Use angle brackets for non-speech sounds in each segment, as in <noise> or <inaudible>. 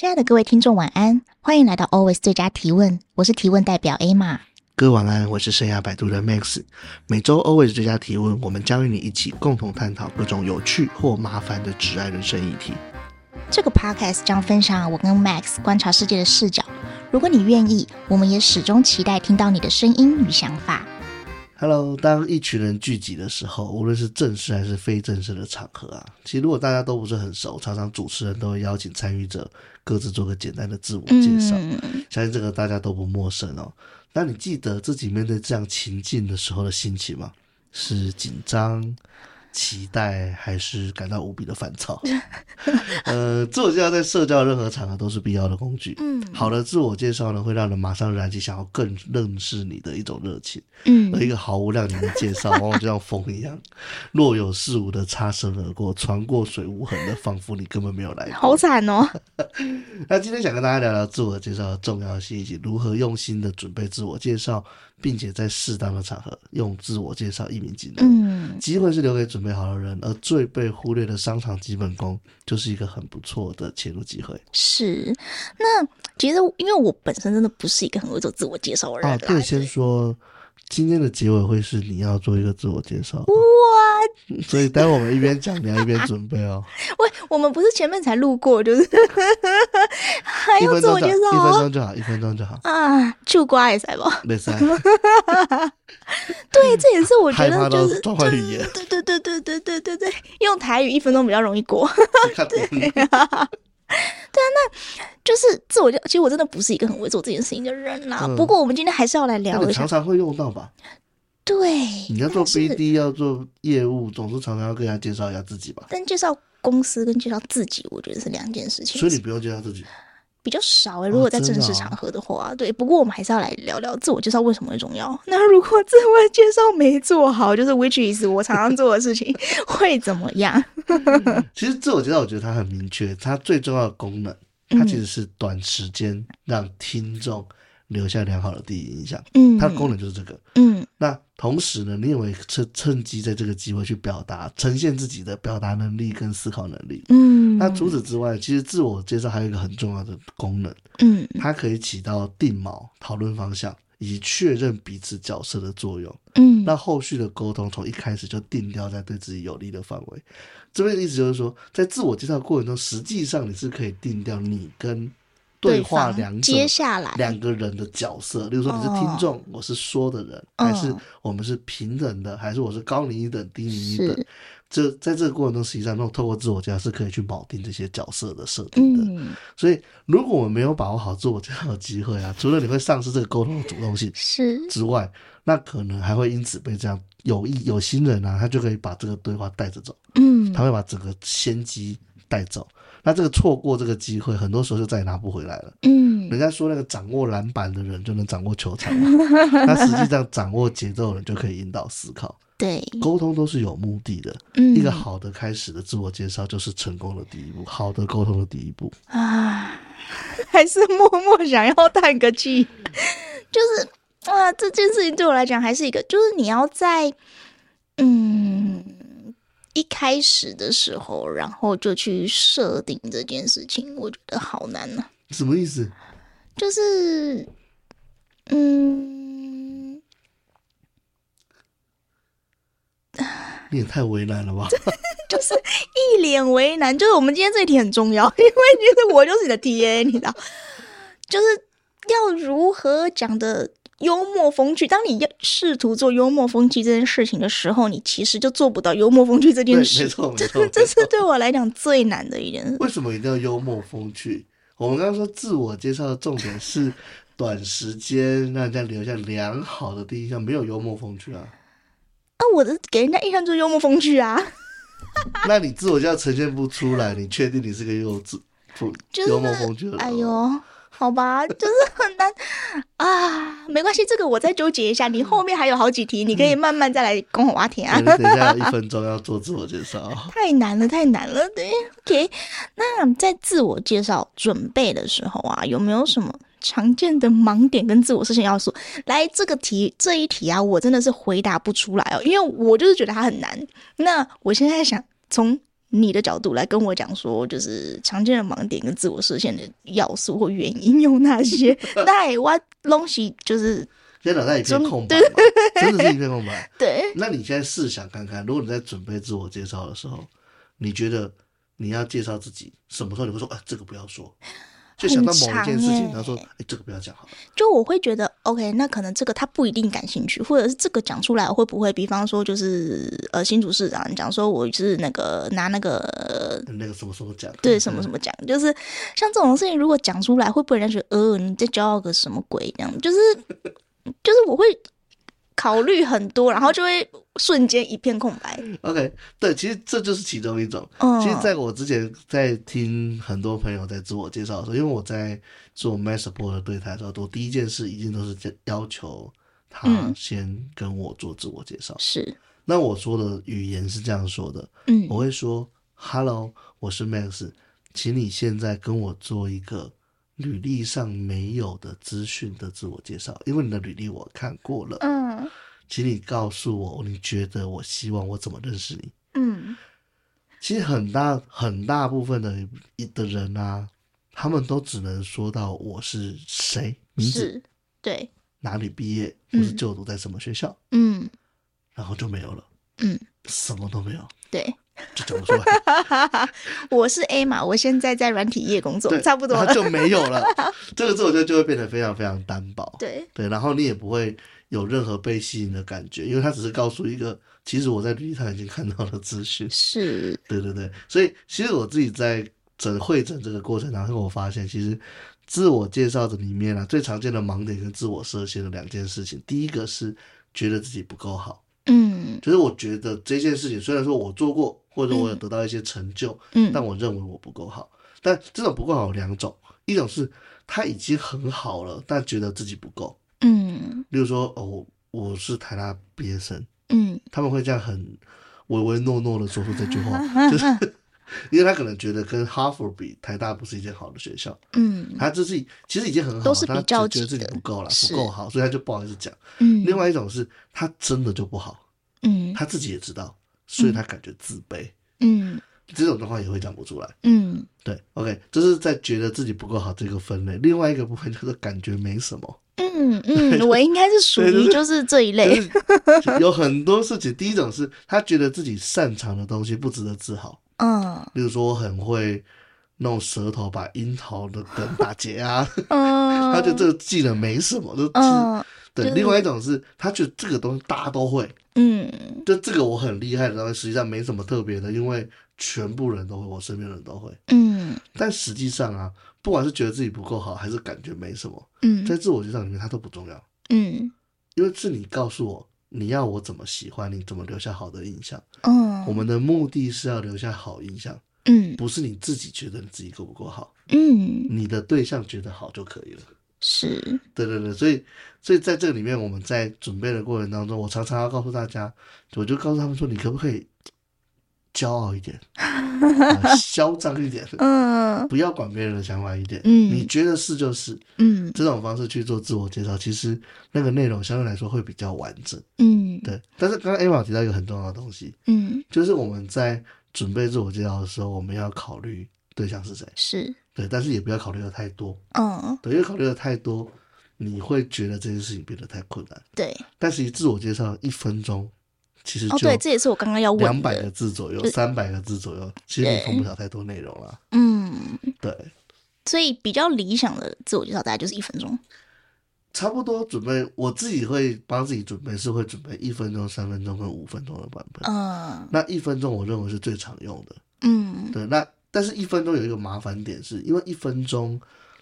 親愛的各位聽眾，晚安！歡迎來到 Always 最佳提問，我是提問代表 Emma。各位晚安，我是生涯擺渡的 Max。每周 Always 最佳提問，我們將與你一起共同探討各種有趣或麻煩的職涯人生議題。這個 podcast 將分享我跟 Max 觀察世界的視角。如果你願意，我們也始終期待聽到你的聲音與想法。Hello，當一群人聚集的時候，無論是正式還是非正式的場合啊，其實如果大家都不是很熟，常常主持人都會邀請參與者各自做個簡單的自我介紹，嗯、相信這個大家都不陌生哦。那你記得自己面對這樣情境的時候的心情嗎？是緊張、期待，還是感到無比的煩躁？ <laughs> 呃，自我介紹在社交任何場合都是必要的工具。嗯，好的自我介紹呢，會讓人馬上燃起想要更認識你的一種熱情。嗯，而一個毫無亮點的介紹，往往就像風一樣， <laughs> 若有似無的擦身而過，船過水無痕的，仿佛你根本沒有來過。好慘哦！ <laughs> 那今天想跟大家聊聊自我介紹的重要性以及如何用心的準備自我介紹，並且在適當的場合用自我介紹一鳴驚人。嗯，機會是留給準準備好的人，而最被忽略的商場基本功，就是一個很不錯的切入機會。是，那其實因為我本身真的不是一個很會做自我介紹的人啊，可以、哦、先說。今天的結尾會是你要做一個自我介紹哇，What? 所以待會我們一邊講， <laughs> 你要一邊準備哦。喂，我們不是前面才錄過，就是 <laughs> 還要自我介紹，一分鐘就好，一分鐘就好，一分鐘就好啊，就乖噻吧，沒事可以。 <laughs> 對，這也是我覺得、就是、 <laughs> <laughs> 就是對對對對對對對對，用台語一分鐘比較容易過， <laughs> 對、啊。 <laughs> 對啊，那就是這，自我就其實我真的不是一個很會做這件事情的人啦。呃、不過我們今天還是要來聊一下，常常會用到吧？對，你要做 BD，是要做業務，總是常常要跟人家介紹一下自己吧。但介紹公司跟介紹自己，我覺得是兩件事情，所以你不要介紹自己。比較少哎、欸，如果在正式場合的話，哦，真的啊？、對。不過我們還是要來聊聊自我介紹為什麼會重要。那如果自我介紹沒做好，就是 Which is 我常常做的事情， <laughs> 會怎麼樣 <laughs> 、嗯？其實自我介紹，我覺得它很明確，它最重要的功能，它其實是短時間讓聽眾留下良好的第一印象。嗯，它的功能就是這個。嗯，嗯那。同時呢，你也會趁趁機在這個機會去表達、呈現自己的表達能力跟思考能力。嗯，那除此之外，其實自我介紹還有一個很重要的功能，嗯，它可以起到定錨、討論方向，以確認彼此角色的作用。嗯，那後續的溝通從一開始就定調在對自己有利的範圍。這邊的意思就是說，在自我介紹的過程中，實際上你是可以定調你跟。對話兩者，接下來兩個人的角色，例如說你是聽眾，我是說的人，哦、還是我們是平等的，還是我是高你一等、哦、低你一等？這是在這個過程中，實際上，那種透過自我介紹是可以去錨定這些角色的設定的。嗯、所以，如果我沒有把握好自我介紹的機會啊， <laughs> 除了你會喪失這個溝通的主動性 <laughs> 是之外，那可能還會因此被這樣有意有心人啊，他就可以把這個對話帶着走，嗯，他會把整個先機帶走。那這個錯過這個機會，很多時候就再也拿不回來了。嗯，人家說那個掌握籃板的人就能掌握球場， <laughs> 那實際上掌握節奏的人就可以引導思考。對，溝通都是有目的的。嗯，一個好的開始的自我介紹就是成功的第一步，好的溝通的第一步啊，還是默默想要嘆個氣， <laughs> 就是啊，這件事情對我來講還是一個，就是你要在嗯。一開始的時候，然後就去設定這件事情，我覺得好難吶、啊。什麼意思？就是，嗯，你也太為難了吧？ <laughs> 就是一臉為難。就是我們今天這一題很重要，因為就我就是你的 TA，你知道，就是要如何講的。幽默風趣，當你要試圖做幽默風趣這件事情的時候，你其實就做不到幽默風趣這件事。沒錯，沒錯，這是對我來講最難的一點。為什麼一定要幽默風趣？我們剛剛說自我介紹的重點是短時間讓人家留下良好的第一印象， <laughs> 沒有幽默風趣啊？啊，我的給人家印象就是幽默風趣啊！ <laughs> 那你自我介紹呈現不出來，你確定你是個幽默風 <laughs> 那幽默風趣的人？哎呦好吧，就是很難 <laughs> 啊。沒關係，這個我再糾結一下。嗯、你後面還有好幾題，你可以慢慢再來跟我挖田啊。嗯、等一下，一分鐘要做自我介紹， <laughs> 太難了，太難了。對，OK。那在自我介紹準備的時候啊，有沒有什麼常見的盲點跟自我設限要素？來，這個題這一題啊，我真的是回答不出來哦，因為我就是覺得它很難。那我現在想從。從你的角度來跟我講說，就是常見的盲點跟自我設限的要素或原因有哪些？那 <laughs> 我東西就是，現在腦袋一片空白，對 <laughs> 真的是一片空白。對，那你現在試想看看，如果你在準備自我介紹的時候，你覺得你要介紹自己，什麼時候你會說啊、哎、這個不要說？就想到某一件事情，他說哎，這個不要講，就我會覺得。OK，那可能這個他不一定感興趣，或者是這個講出來會不會？比方說，就是呃，新主事長講說，我是那個拿那個那個什麼什麼獎，對，什麼什麼獎， <laughs> 就是像這種事情，如果講出來，會不會讓人家覺得呃，你這驕傲個什麼鬼？這樣，就是就是我會。 <laughs> 考慮很多，然後就會瞬間一片空白。OK，對，其實這就是其中一種。哦，其實，在我之前在聽很多朋友在自我介紹的時候，因為我在做 Max Support 的對台的時候，我第一件事一定都是要求他先跟我做自我介紹。是，嗯，那我說的語言是這樣說的，嗯，我會說 “Hello，我是 Max，請你現在跟我做一個”。履歷上沒有的資訊的自我介紹，因為你的履歷我看過了。嗯，請你告訴我，你覺得我希望我怎麼認識你？嗯，其實很大很大部分的的人啊，他們都只能說到我是誰，名字，是對，哪裡畢業，或是就讀在什麼學校，嗯，然後就沒有了，嗯，什麼都沒有，對。就講不出來。 <laughs> 我是 A 嘛，我現在在軟體業工作，對差不多了就沒有了。 <laughs> 好這個自我就就會變得非常非常單薄。對對，然後你也不會有任何被吸引的感覺，因為他只是告訴一個，其實我在履歷上已經看到的資訊。是，對對對。所以其實我自己在整、彙整這個過程當中，我發現其實自我介紹的裡面啊，最常見的盲點跟自我設限的兩件事情。第一個是覺得自己不夠好。嗯，就是我覺得這件事情，雖然說我做過，或者我有得到一些成就，嗯，嗯，但我認為我不夠好。但這種不夠好有兩種，一種是他已經很好了，但覺得自己不夠，嗯，例如說哦，我是台大畢業生，嗯，他們會這樣很唯唯諾諾的說出這句話， <laughs> 就是。 <laughs> 因為他可能覺得跟哈佛、er、比台大不是一間好的學校，嗯，他就是其實已經很好，都是比較的，他就覺得自己不夠了，是不夠好，所以他就不好意思講。嗯，另外一種是他真的就不好，嗯，他自己也知道，所以他感覺自卑，嗯，這種的話也會講不出來。嗯，對，OK，這是在覺得自己不夠好這個分類。另外一個部分就是感覺沒什麼，嗯嗯，嗯 <laughs> 就是、我應該是屬於就是這一類。 <laughs> 就是就是、有很多事情，第一種是他覺得自己擅長的東西不值得自豪。嗯，uh, 例如說我很會弄舌頭把櫻桃的梗打結啊，他、uh, uh, <laughs> 他就這個技能沒什麼，就只，uh, 對。就另外一種是他覺得這個東西大家都會，嗯，就這個我很厲害的，但實際上沒什麼特別的，因為全部人都會，我身邊人都會，嗯。但實際上啊，不管是覺得自己不夠好，還是感覺沒什麼，嗯，在自我介紹裡面，它都不重要，嗯，因為是你告訴我。你要我怎麼喜歡你？怎麼留下好的印象？嗯，oh, 我們的目的是要留下好印象。嗯，不是你自己覺得你自己夠不夠好。嗯，你的對象覺得好就可以了。是，對對對，所以，所以在這裡面，我們在準備的過程當中，我常常要告訴大家，我就告訴他們說，你可不可以？驕傲一點、 <laughs> 啊，囂張一點，嗯、呃，不要管別人的想法一點，嗯，你覺得是就是，嗯，這種方式去做自我介紹，其實那個內容相對來說會比較完整，嗯，對。但是剛剛 Emma 提到一個很重要的東西，嗯，就是我們在準備自我介紹的時候，我們要考慮對象是誰，是對，但是也不要考慮的太多，嗯，對，因為考慮的太多，你會覺得這件事情變得太困難，對。但是你自我介紹一分鐘。其實就哦，對，這也是我剛剛要問兩百個字左右，三百個字左右，其實你通不了太多內容了。嗯，對，所以比較理想的自我介紹大概就是一分鐘，差不多準備。我自己會幫自己準備，是會準備一分鐘、三分鐘跟五分鐘的版本。嗯、呃，那一分鐘我認為是最常用的。嗯，對，那但是一分鐘有一個麻煩點是，是因為一分鐘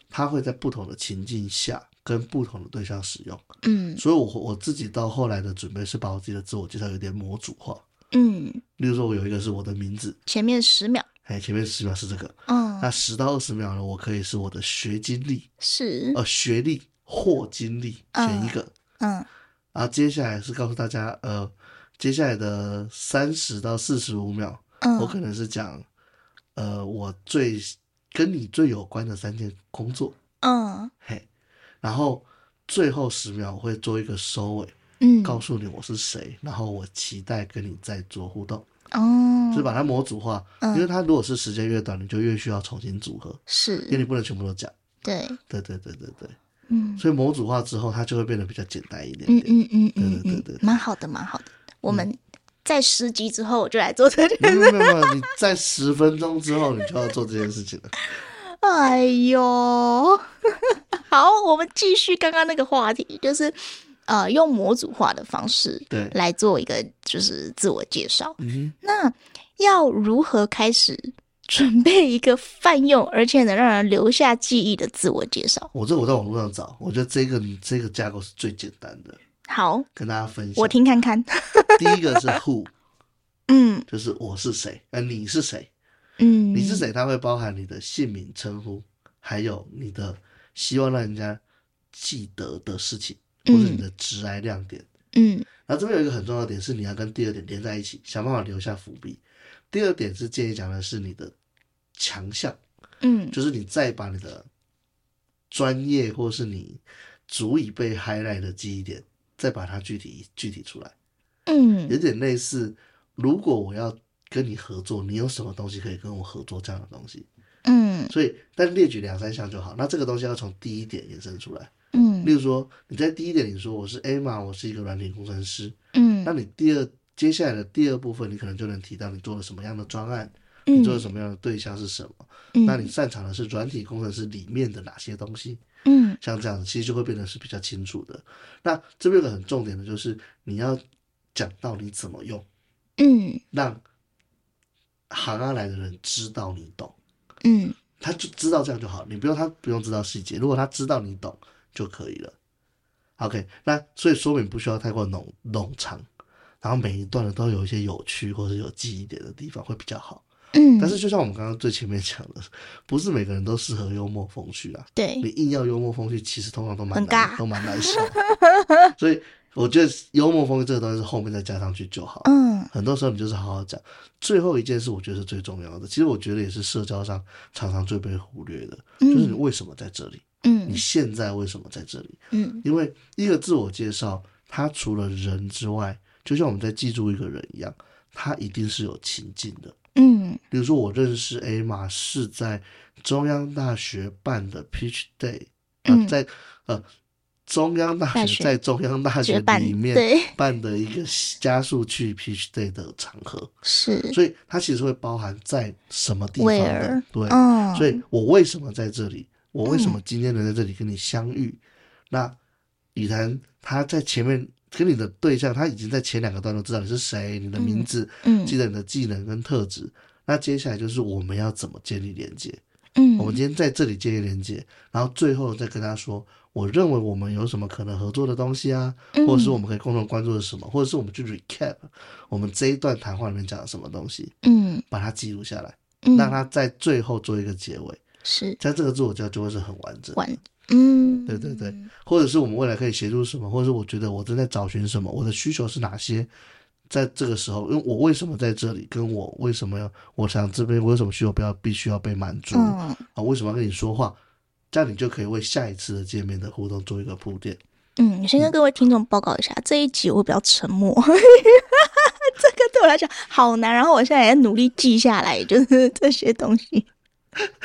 它會在不同的情境下。跟不同的對象使用，嗯，所以我我自己到後來的準備是把我自己的自我介紹有點模組化，嗯，例如說，我有一個是我的名字，前面十秒，哎，前面十秒是這個，嗯，那十到二十秒呢，我可以是我的學經歷，是，呃，學歷或經歷選一個，嗯，然後接下來是告訴大家，呃，接下來的三十到四十五秒，嗯，我可能是講，呃，我最跟你最有關的三件工作，嗯，嘿。然後最後十秒我會做一個收尾，嗯，告訴你我是誰，然後我期待跟你再做互動，哦，就是把它模組化，因為它如果是時間越短，你就越需要重新組合，是，因為你不能全部都講，對，對對對對對，嗯，所以模組化之後，它就會變得比較簡單一點點，嗯嗯嗯嗯嗯，對對對，蠻好的，蠻好的，我們在十集之後我就來做這件事，沒有沒有沒有，你在十分鐘之後你就要做這件事情了。哎呦，好，我們繼續剛剛那個話題，就是呃，用模組化的方式對，來做一個就是自我介紹。嗯對，那要如何開始準備一個泛用而且能讓人留下記憶的自我介紹？我這我在網絡上找，我覺得這個這個架構是最簡單的。好，跟大家分享，我聽看看。 <laughs> 第一個是 Who，嗯，就是我是誰，哎，你是誰？嗯，你是誰？他會包含你的姓名、稱呼，還有你的希望讓人家記得的事情，嗯、或者你的職涯亮點。嗯，然後這邊有一個很重要的點是，你要跟第二點連在一起，想辦法留下伏筆。第二點是建議講的是你的強項，嗯，就是你再把你的專業，或是你足以被 highlight 的記憶點，再把它具體具體出來。嗯，有點類似，如果我要。跟你合作，你有什麼東西可以跟我合作？這樣的東西，嗯，所以但列舉兩三項就好。那這個東西要從第一點延伸出來，嗯，例如說你在第一點你說我是 Emma，我是一個軟體工程師，嗯，那你第二接下來的第二部分，你可能就能提到你做了什麼樣的專案，嗯、你做了什麼樣的對象是什麼？嗯、那你擅長的是軟體工程師裡面的哪些東西？嗯，像這樣子，其實就會變得是比較清楚的。那這邊有個很重點的就是你要講到你怎麼用，嗯，那。行啊，來的人知道你懂，嗯，他就知道這樣就好，你不用他不用知道細節，如果他知道你懂就可以了。OK，那所以說明不需要太過冗冗長，然後每一段呢都有一些有趣或者有記憶點的地方會比較好。嗯，但是就像我們剛剛最前面講的，不是每個人都適合幽默風趣啊。對，你硬要幽默風趣，其實通常都蠻難，嘎都蠻難受笑。所以。我覺得幽默風趣這個東西是後面再加上去就好。嗯，很多時候你就是好好講。最後一件事，我覺得是最重要的。其實我覺得也是社交上常常，常最被忽略的，嗯、就是你為什麼在這裡？嗯，你現在為什麼在這裡？嗯，因為一個自我介紹，它除了人之外，就像我們在記住一個人一樣，它一定是有情境的。嗯，比如說我認識 Emma 是在中央大學辦的 Pitch Day。嗯，在呃。在呃中央大學，在中央大學裡面辦的一個加速去 Pitch Day 的場合，是，所以它其實會包含在什麼地方的？Where ? Oh. 對，所以，我為什麼在這裡？我為什麼今天能在這裡跟你相遇？嗯、那李然他在前面跟你的對象，他已經在前兩個段落知道你是誰，你的名字，嗯，記得你的技能跟特質。嗯、那接下來就是我們要怎麼建立連接？嗯， <noise> 我們今天在這裡建立連接，然後最後再跟他說，我認為我們有什麼可能合作的東西啊，或者是我們可以共同關注的什麼，或者是我們去 recap 我們這一段談話裡面講的什麼東西，嗯，把它記錄下來，讓他在最後做一個結尾。 <noise> 是，在這個自我介就會是很完整，完，嗯，對對對，或者是我們未來可以協助什麼，或者是我覺得我正在找尋什麼，我的需求是哪些。在這個時候，因為我為什麼在這裡？跟我為什麼要？我想這邊我有什麼需要，不要必須要被滿足、嗯、啊？為什麼要跟你說話？這樣你就可以為下一次的見面的互動做一個鋪墊。嗯，先跟各位聽眾報告一下，嗯、這一集我比較沉默， <laughs> 這個對我來講好難。然後我現在也在努力記下來，就是這些東西。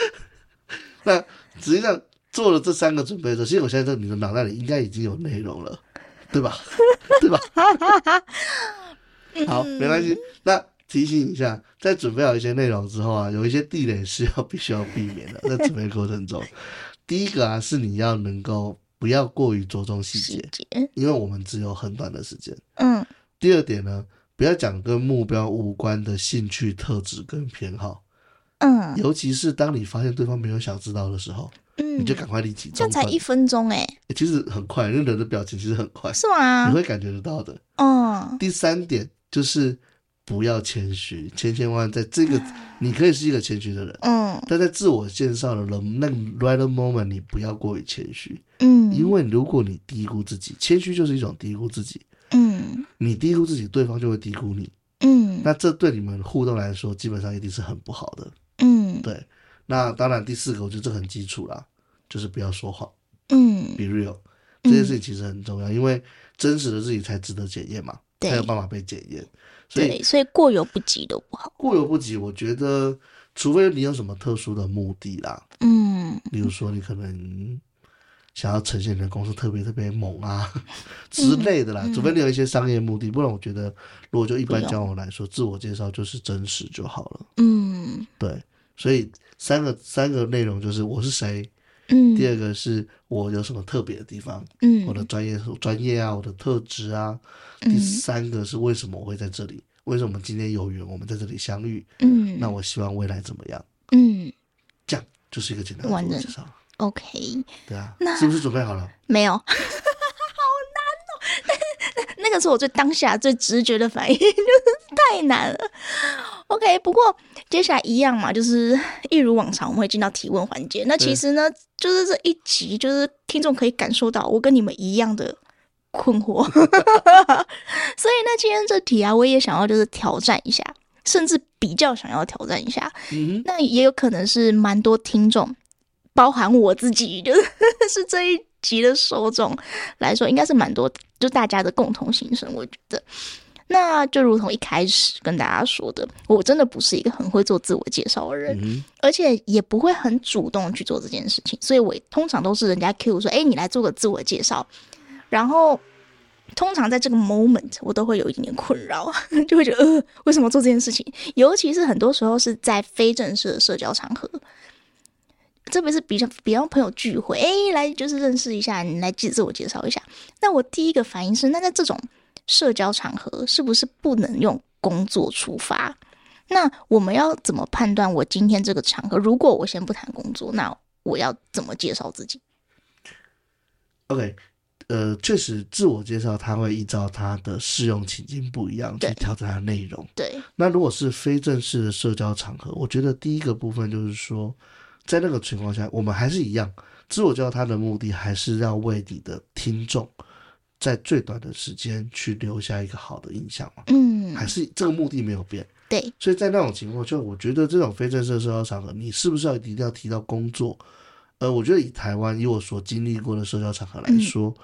<laughs> 那實際上做了這三個準備之後，其實我現在在你的腦袋裡應該已經有內容了，對吧？ <laughs> 對吧？ <laughs> 好，沒關係。那提醒一下，在準備好一些內容之後啊，有一些地雷是要必須要避免的。在準備過程中， <laughs> 第一個啊是你要能夠不要過於着重細節，節因為我們只有很短的時間。嗯。第二點呢，不要講跟目標無關的興趣特質跟偏好。嗯。尤其是當你發現對方沒有想知道的時候，嗯、你就趕快離題。這才一分鐘哎、欸欸。其實很快，因為人的表情其實很快。是嗎、啊？你會感覺得到的。嗯、哦。第三點。就是不要謙虛，千千萬萬，在這個你可以是一個謙虛的人，哦、但在自我介紹的那那個、right moment，你不要過於謙虛，嗯、因為如果你低估自己，謙虛就是一種低估自己，嗯、你低估自己，對方就會低估你，嗯、那這對你們互動來說，基本上一定是很不好的，嗯、對。那當然，第四個，我覺得這很基礎啦，就是不要說謊，嗯，嗯，be real，這件事情其實很重要，嗯、因為真實的自己才值得檢驗嘛。才有辦法被檢驗對以，所以所以過猶不及都不好。過猶不及，我覺得除非你有什麼特殊的目的啦，嗯，比如說你可能想要呈現你的公司特別特別猛啊、嗯、之類的啦，嗯、除非你有一些商業目的，不然我覺得，如果就一般交往來說，用自我介紹就是真實就好了。嗯，對，所以三個三個內容就是我是誰。嗯，第二個是我有什麼特別的地方，嗯，我的專業、專業啊，我的特質啊。嗯，第三個是為什麼我會在這裡？為什麼今天有緣，我們在這裡相遇？嗯，那我希望未來怎麼樣？嗯，這樣就是一個簡單的介紹了。少 OK，對啊，那是不是準備好了？沒有。 <laughs> 這是我最當下最直覺的反應，就是太難了。OK，不過接下來一樣嘛，就是一如往常，我們會進到提問環節。那其實呢，嗯、就是這一集，就是聽眾可以感受到我跟你們一樣的困惑， <laughs> 所以那今天這題啊，我也想要就是挑戰一下，甚至比較想要挑戰一下。嗯哼，那也有可能是蠻多聽眾，包含我自己，就是是這一。急的受眾來說，應該是蠻多，就大家的共同心聲。我覺得，那就如同一開始跟大家說的，我真的不是一個很會做自我介紹的人，嗯、而且也不會很主動去做這件事情。所以我通常都是人家 cue 說：“哎、欸，你來做個自我介紹。”然後，通常在這個 moment，我都會有一點點困擾， <laughs> 就會覺得呃，為什麼做這件事情？尤其是很多時候是在非正式的社交場合。特別是比較比方朋友聚會，哎、欸，來就是認識一下，你來介自,自我介紹一下。那我第一個反應是，那在這種社交場合，是不是不能用工作出發？那我們要怎麼判斷我今天這個場合？如果我先不談工作，那我要怎麼介紹自己？OK，呃，確實，自我介紹他會依照他的適用情境不一樣去調整他的內容對。對，那如果是非正式的社交場合，我覺得第一個部分就是說。在那個情況下，我們還是一樣自我介紹，他的目的還是要為你的聽眾，在最短的時間去留下一個好的印象嘛。嗯，還是這個目的沒有變。對，所以在那種情況，就我覺得這種非正式的社交場合，你是不是要一定要提到工作？呃，我覺得以台灣，以我所經歷過的社交場合來說。嗯嗯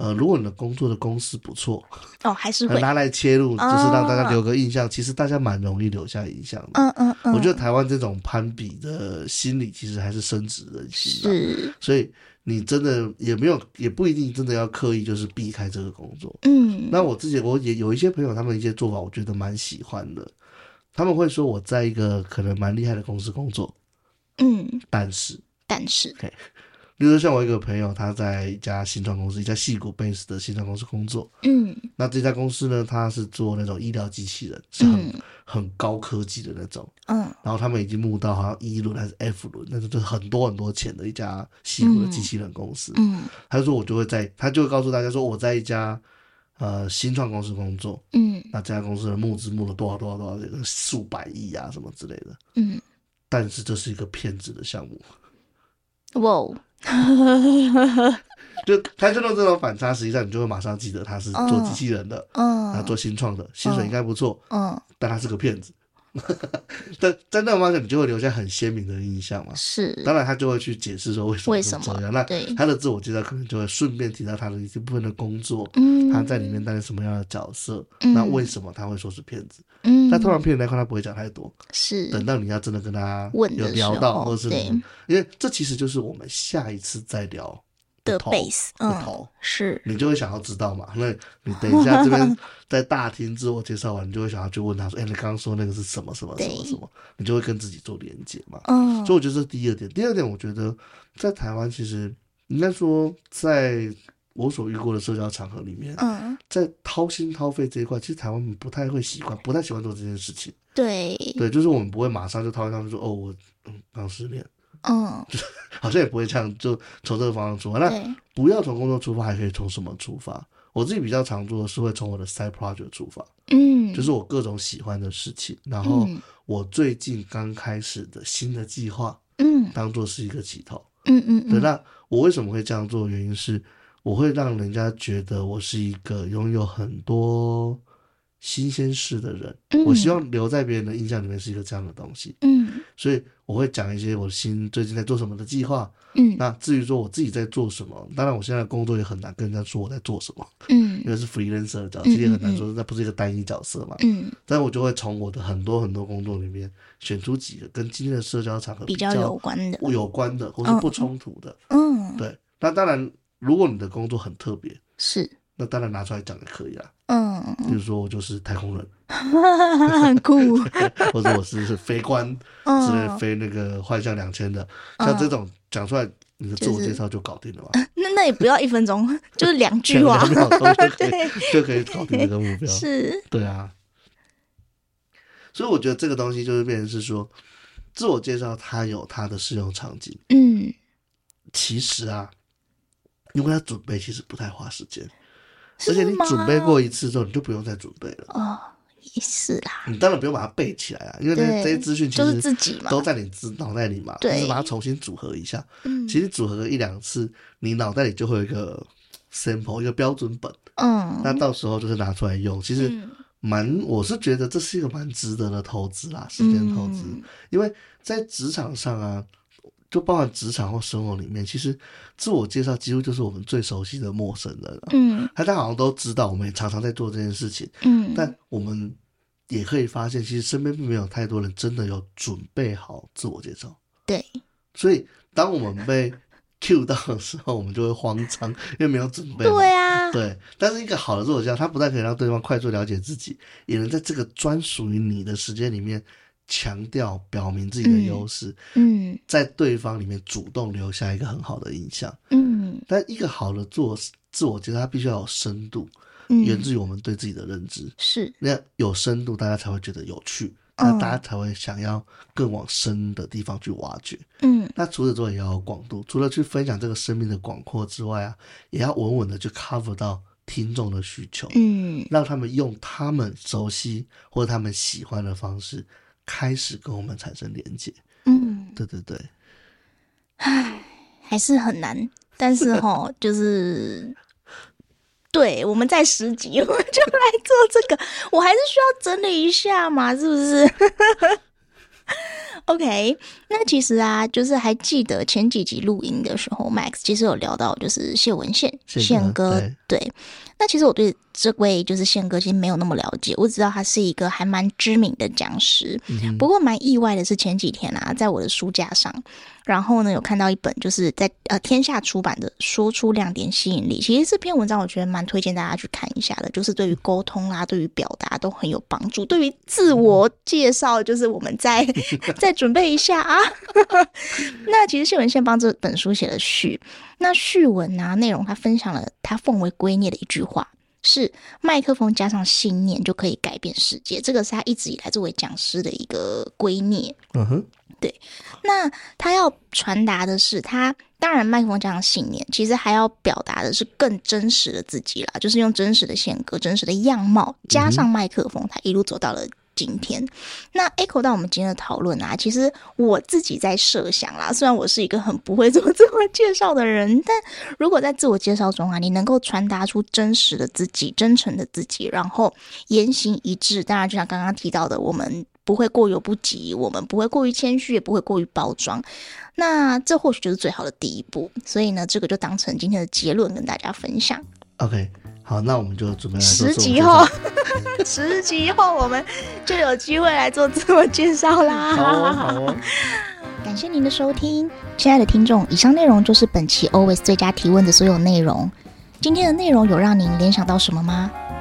呃，如果你的工作的公司不錯，哦，還是會拿來切入，嗯、就是讓大家留個印象。嗯、其實大家蠻容易留下印象的。嗯嗯嗯。嗯，我覺得台灣這種攀比的心理，其實還是深植人心的，啊。是。所以你真的也沒有，也不一定真的要刻意就是避開這個工作。嗯。那我自己，我也有一些朋友，他們一些做法，我覺得蠻喜歡的。他們會說，我在一個可能蠻厲害的公司工作。嗯。但是。但是。對。Okay. 比如說像我一個朋友，他在一家新創公司，一家矽谷 base 的新創公司工作。嗯，那這家公司呢，他是做那種醫療機器人，是很、嗯、很高科技的那種。嗯、啊，然後他們已經募到好像 E 輪還是 F 輪，那是就是很多很多錢的一家矽谷的機器人公司。嗯，嗯他就說我就會在，他就會告訴大家說我在一家呃新創公司工作。嗯，那這家公司的募資募了多少多少多少數百億啊什麼之類的。嗯，但是這是一個騙子的項目。哇！哈哈哈， <laughs> <laughs> 就他就弄這種反差，實際上你就會馬上記得他是做機器人的，嗯，然後做新創的薪水應該不錯，嗯，oh, oh. 但他是個騙子。哈， <laughs> 在那種方向，你就會留下很鮮明的印象嘛。是，當然他就會去解釋說為什麼這樣。為什麼那他的自我介紹可能就會順便提到他的一部分的工作，嗯對，他在裡面擔任什麼樣的角色，嗯、那為什麼他會說是騙子？嗯，那通常騙子那塊他不會講太多。是，等到你要真的跟他有聊到，或是什麼對因為這其實就是我們下一次再聊。The base, 的 base 陶嗯，是，你就會想要知道嘛？是那你等一下這邊在大廳自我介紹完，你就會想要去問他說：“哎、 <laughs> 欸，你剛剛說那個是什麼？什,什麼？什麼對？什麼？”你就會跟自己做連接嘛。嗯、哦，所以我覺得這是第二點。第二點，我覺得在台灣，其實應該說，在我所遇過的社交場合裡面，嗯，在掏心掏肺這一塊，其實台灣人不太會習慣，不太喜歡做這件事情。對，對，就是我們不會馬上就掏心掏，掏就說：“哦，我嗯剛失戀。”嗯，oh, <laughs> 好像也不會這樣，就從這個方向出發。對那不要從工作出發，還可以從什麼出發？我自己比較常做的是會從我的 side project 出發，嗯，就是我各種喜歡的事情，然後我最近剛開始的新的計劃，嗯，當做是一個起頭，嗯嗯。對，那我為什麼會這樣做？原因是我會讓人家覺得我是一個擁有很多新鮮事的人，嗯，我希望留在別人的印象裡面是一個這樣的東西，嗯。所以我會講一些我新最近在做什麼的計劃。嗯，那至於說我自己在做什麼，當然我現在工作也很難跟人家說我在做什麼。嗯，因為是 freelancer 的角色，也、嗯嗯嗯、很難說，那不是一個單一角色嘛。嗯，但我就會從我的很多很多工作裡面選出幾個跟今天的社交場合比較有關的、有關的，或是不衝突的。嗯，對。那當然，如果你的工作很特別，是。那當然拿出來講也可以啦。嗯，比如說我就是太空人。 <laughs> 那很酷，或者我是非飛官之類飛那個幻象兩千的，像這種講出來，你的自我介紹就搞定了吧？那那也不要一分鐘，就是兩句話，就可以搞定那個目標。 <laughs> 是，對啊。所以我覺得這個東西就是變成是說，自我介紹它有它的適用場景。嗯，其實啊，因為它準備，其實不太花時間，嗎而且你準備過一次之後，你就不用再準備了。哦也是啦，你當然不用把它背起來啊，因為這些資訊其實都在你自腦袋裡嘛，就對是把它重新組合一下。嗯，其實組合一兩次，你腦袋裡就會有一個 sample，一個標準本。嗯，那到時候就是拿出來用。其實蠻，我是覺得這是一個蠻值得的投資啦，時間投資，嗯，因為在職場上啊。就包含職場或生活裡面，其實自我介紹幾乎就是我們最熟悉的陌生人了。嗯，大家好像都知道，我們也常常在做這件事情。嗯，但我們也可以發現，其實身邊並沒有太多人真的有準備好自我介紹。對，所以當我們被 cue 到的時候， <laughs> 我們就會慌張，因為沒有準備好。對啊，對。但是一個好的自我介紹，它不但可以讓對方快速了解自己，也能在這個專屬於你的時間裡面。強調表明自己的優勢，嗯，嗯，在對方裡面主動留下一個很好的印象，嗯。但一個好的做自我，自我覺得它必須要有深度，嗯，源自於我們對自己的認知是。那有深度，大家才會覺得有趣，那，哦，大家才會想要更往深的地方去挖掘，嗯。那除此之外，也要有廣度。除了去分享這個生命的廣闊之外啊，也要穩穩的去 cover 到聽眾的需求，嗯，讓他們用他們熟悉或者他們喜歡的方式。開始跟我們產生連接，嗯，對對對，唉，還是很難，但是吼， <laughs> 就是對，我們在十集，我們就來做這個，我還是需要整理一下嘛，是不是？ <laughs> OK，那其實啊，就是還記得前幾集錄音的時候，Max 其實有聊到，就是謝文憲憲是哥，對，對。那其實我對這位就是憲哥其實沒有那麼了解，我只知道他是一個還蠻知名的講師，嗯、哼不過蠻意外的是前幾天啊，在我的書架上，然後呢，有看到一本就是在呃天下出版的《說出亮點吸引力》，其實這篇文章我覺得蠻推薦大家去看一下的，就是對於溝通啊，對於表達都很有幫助。對於自我介紹，就是我們再 <laughs> 再準備一下啊。 <laughs> 那其實謝文憲幫這本書寫了序，那序文啊內容他分享了他奉為圭臬的一句話是：麥克風加上信念就可以改變世界。這個是他一直以來作為講師的一個圭臬。嗯哼、uh。Huh. 對，那他要傳達的是，他當然麥克風加上信念，其實還要表達的是更真實的自己啦，就是用真實的性格、真實的樣貌加上麥克風，他一路走到了今天。嗯。那 Echo 到我們今天的討論啊，其實我自己在設想啦，雖然我是一個很不會做自我介紹的人，但如果在自我介紹中啊，你能夠傳達出真實的自己、真誠的自己，然後言行一致，當然就像剛剛提到的，我們。不會過猶不及，我們不會過於謙虛，也不會過於包裝。那這或許就是最好的第一步。所以呢，這個就當成今天的結論跟大家分享。OK，好，那我們就準備來十集後，十集後我們就有機會來做自我介紹啦。好哦，好哦。感謝您的收聽，親愛的聽眾，以上內容就是本期 Always 最佳提問的所有內容。今天的內容有讓您聯想到什麼嗎？